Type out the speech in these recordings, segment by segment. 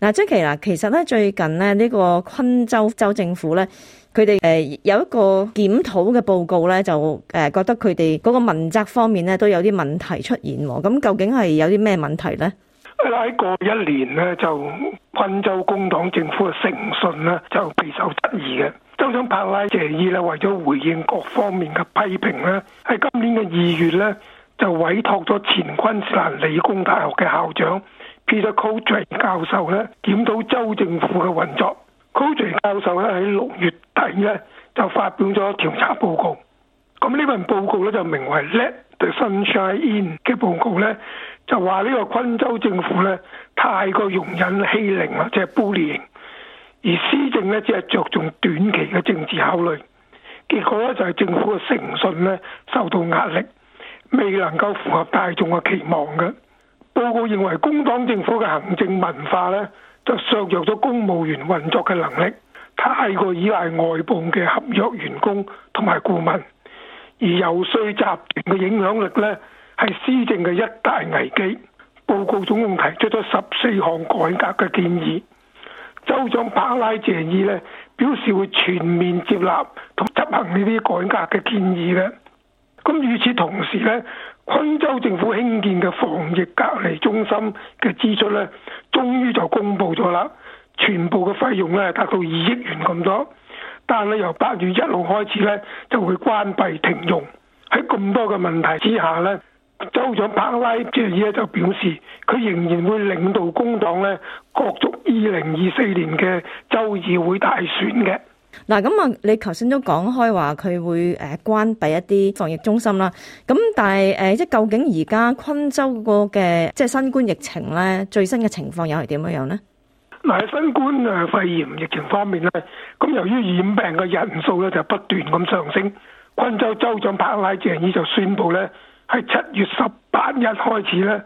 嗱 Jackie 嗱，其實咧最近呢，呢個昆州州政府咧，佢哋誒有一個檢討嘅報告咧，就誒覺得佢哋嗰個問責方面咧都有啲問題出現，咁究竟係有啲咩問題咧？喺過一年呢，就昆州工黨政府嘅誠信呢，就備受質疑嘅。州長帕拉謝爾呢，為咗回應各方面嘅批評咧，喺今年嘅二月咧就委託咗前昆士蘭理工大學嘅校長。記得 Cotray 教授咧檢討州政府嘅運作。Cotray 教授咧喺六月底咧就發表咗調查報告。咁呢份報告咧就名為 Let the Sunshine In 嘅報告咧，就話呢個昆州政府咧太過容忍欺凌啊，即係 bullying。而施政咧只係着重短期嘅政治考慮，結果咧就係、是、政府嘅誠信咧受到壓力，未能夠符合大眾嘅期望嘅。報告認為工黨政府嘅行政文化呢，就削弱咗公務員運作嘅能力，太過依賴外部嘅合約員工同埋顧問，而遊說集團嘅影響力呢，係施政嘅一大危機。報告總共提出咗十四項改革嘅建議，州長柏拉謝爾呢，表示會全面接納同執行呢啲改革嘅建議嘅。咁與此同時呢。昆州政府興建嘅防疫隔離中心嘅支出呢，終於就公布咗啦，全部嘅費用呢，達到二億元咁多，但係咧由八月一號開始呢，就會關閉停用。喺咁多嘅問題之下呢，州長柏拉即係咧就表示，佢仍然會領導工黨呢角逐二零二四年嘅州議會大選嘅。嗱咁啊，你頭先都講開話佢會誒關閉一啲防疫中心啦。咁但係誒，即係究竟而家昆州個嘅即係新冠疫情咧最新嘅情況又係點樣樣咧？嗱，喺新冠誒肺炎疫情方面咧，咁由於染病嘅人數咧就不斷咁上升，昆州州長帕拉杰爾就宣布咧，喺七月十八日開始咧，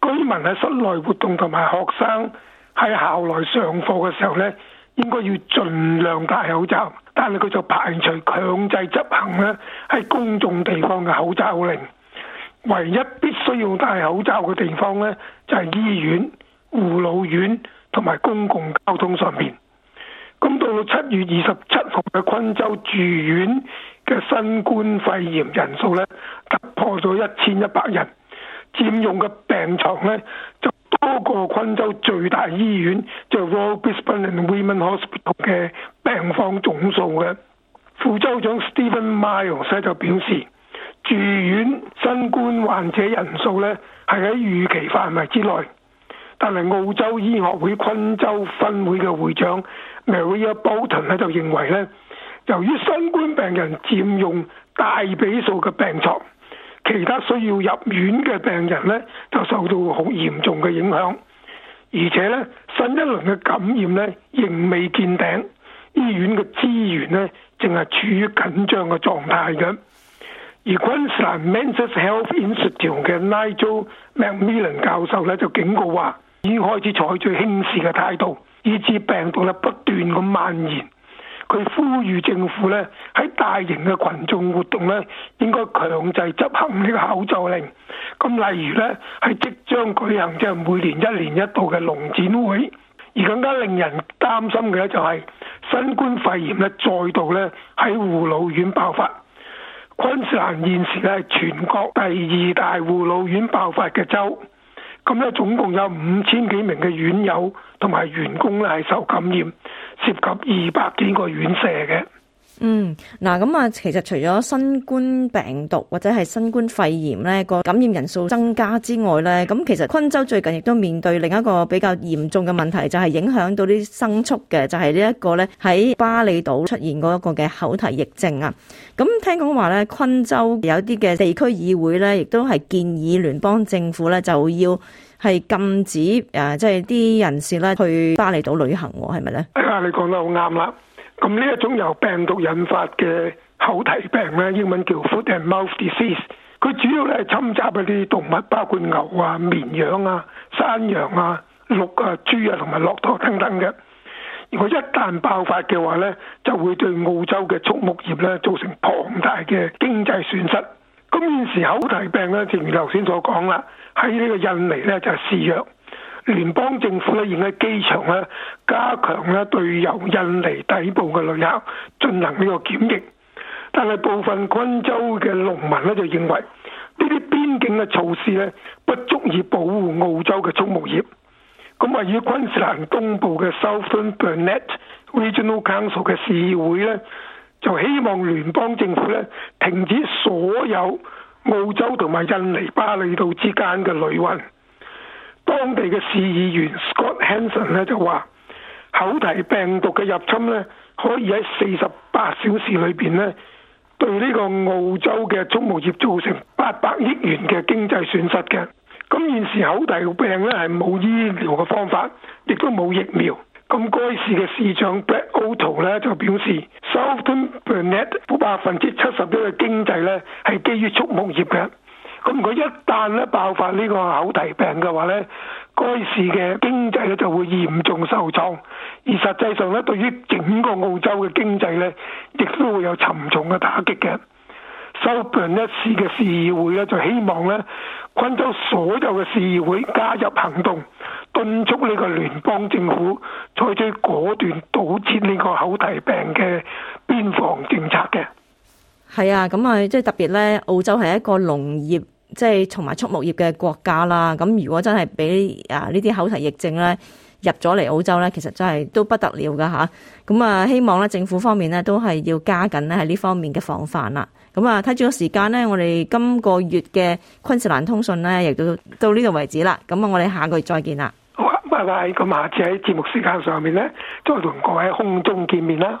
居民喺室內活動同埋學生喺校內上課嘅時候咧。應該要盡量戴口罩，但係佢就排除強制執行呢喺公眾地方嘅口罩令。唯一必須要戴口罩嘅地方呢，就係醫院、護老院同埋公共交通上面。咁到到七月二十七號嘅昆州住院嘅新冠肺炎人數呢，突破咗一千一百人，佔用嘅病床呢，就。多、那個昆州最大醫院就係、是、Royal Brisbane and Women Hospital 嘅病房總數嘅副州長 Steven Miles 就表示，住院新冠患者人數咧係喺預期範圍之內。但係澳洲醫學會昆州分會嘅會長 Maria Bolton 咧就認為咧，由於新冠病人佔用大比數嘅病床。其他需要入院嘅病人咧，就受到好嚴重嘅影響。而且咧，新一輪嘅感染咧仍未見頂，醫院嘅資源咧正係處於緊張嘅狀態嘅。而昆士蘭 Mental Health Institute 嘅 Nigel McMillan 教授咧就警告話，已經開始採取輕視嘅態度，以致病毒咧不斷咁蔓延。佢呼籲政府咧。大型嘅群眾活動咧，應該強制執行呢個口罩令。咁例如呢，係即將舉行即係每年一年一度嘅農展會。而更加令人擔心嘅就係新冠肺炎咧再度咧喺護老院爆發。昆士蘭現時咧係全國第二大護老院爆發嘅州，咁咧總共有五千幾名嘅院友同埋員工咧係受感染，涉及二百幾個院舍嘅。嗯，嗱，咁啊，其實除咗新冠病毒或者係新冠肺炎咧個感染人數增加之外咧，咁其實昆州最近亦都面對另一個比較嚴重嘅問題，就係影響到啲牲畜嘅，就係呢一個咧喺巴厘島出現過一個嘅口蹄疫症啊。咁聽講話咧，昆州有啲嘅地區議會咧，亦都係建議聯邦政府咧就要係禁止誒，即係啲人士咧去巴厘島旅行，係咪咧？你講得好啱啦。咁呢一種由病毒引發嘅口蹄病咧，英文叫 Foot and Mouth Disease，佢主要咧係侵襲一啲動物，包括牛啊、綿羊啊、山羊啊、鹿啊、豬啊同埋駱駝等等嘅。如果一旦爆發嘅話咧，就會對澳洲嘅畜牧業咧造成龐大嘅經濟損失。咁現時口蹄病咧，正如頭先所講啦，喺呢個印尼咧就係肆虐。聯邦政府呢現喺機場加強咧對由印尼抵步嘅旅客進行呢個檢疫，但係部分昆州嘅農民就認為呢啲邊境嘅措施不足以保護澳洲嘅畜牧業。咁啊，以昆士蘭東部嘅 South Burnett Regional Council 嘅市議會呢就希望聯邦政府停止所有澳洲同埋印尼巴厘島之間嘅旅運。當地嘅市議員 Scott Hansen 咧就話：口蹄病毒嘅入侵咧，可以喺四十八小時裏邊咧，對呢個澳洲嘅畜牧業造成八百億元嘅經濟損失嘅。咁現時口蹄病咧係冇醫療嘅方法，亦都冇疫苗。咁該市嘅市長 Black Oto 咧就表示 ：Southern Burnett 百分之七十嘅經濟咧係基於畜牧業嘅。咁佢一旦咧爆發呢個口蹄病嘅話呢，該市嘅經濟咧就會嚴重受創。而實際上呢，對於整個澳洲嘅經濟呢，亦都會有沉重嘅打擊。嘅。收辦一市嘅市議會，呢就希望呢，昆州所有嘅市議會加入行動，敦促呢個聯邦政府採取果斷堵截呢個口蹄病嘅邊防政策嘅。係啊，咁啊，即係特別咧，澳洲係一個農業即係同埋畜牧業嘅國家啦。咁如果真係俾啊呢啲口蹄疫症咧入咗嚟澳洲咧，其實真係都不得了㗎吓，咁啊，希望咧政府方面咧都係要加緊咧喺呢方面嘅防範啦。咁啊，睇住個時間咧，我哋今個月嘅昆士蘭通訊咧，亦都到呢度為止啦。咁啊，我哋下個月再見啦。好，拜拜，咁下次喺節目時間上面咧，都係同各位空中見面啦。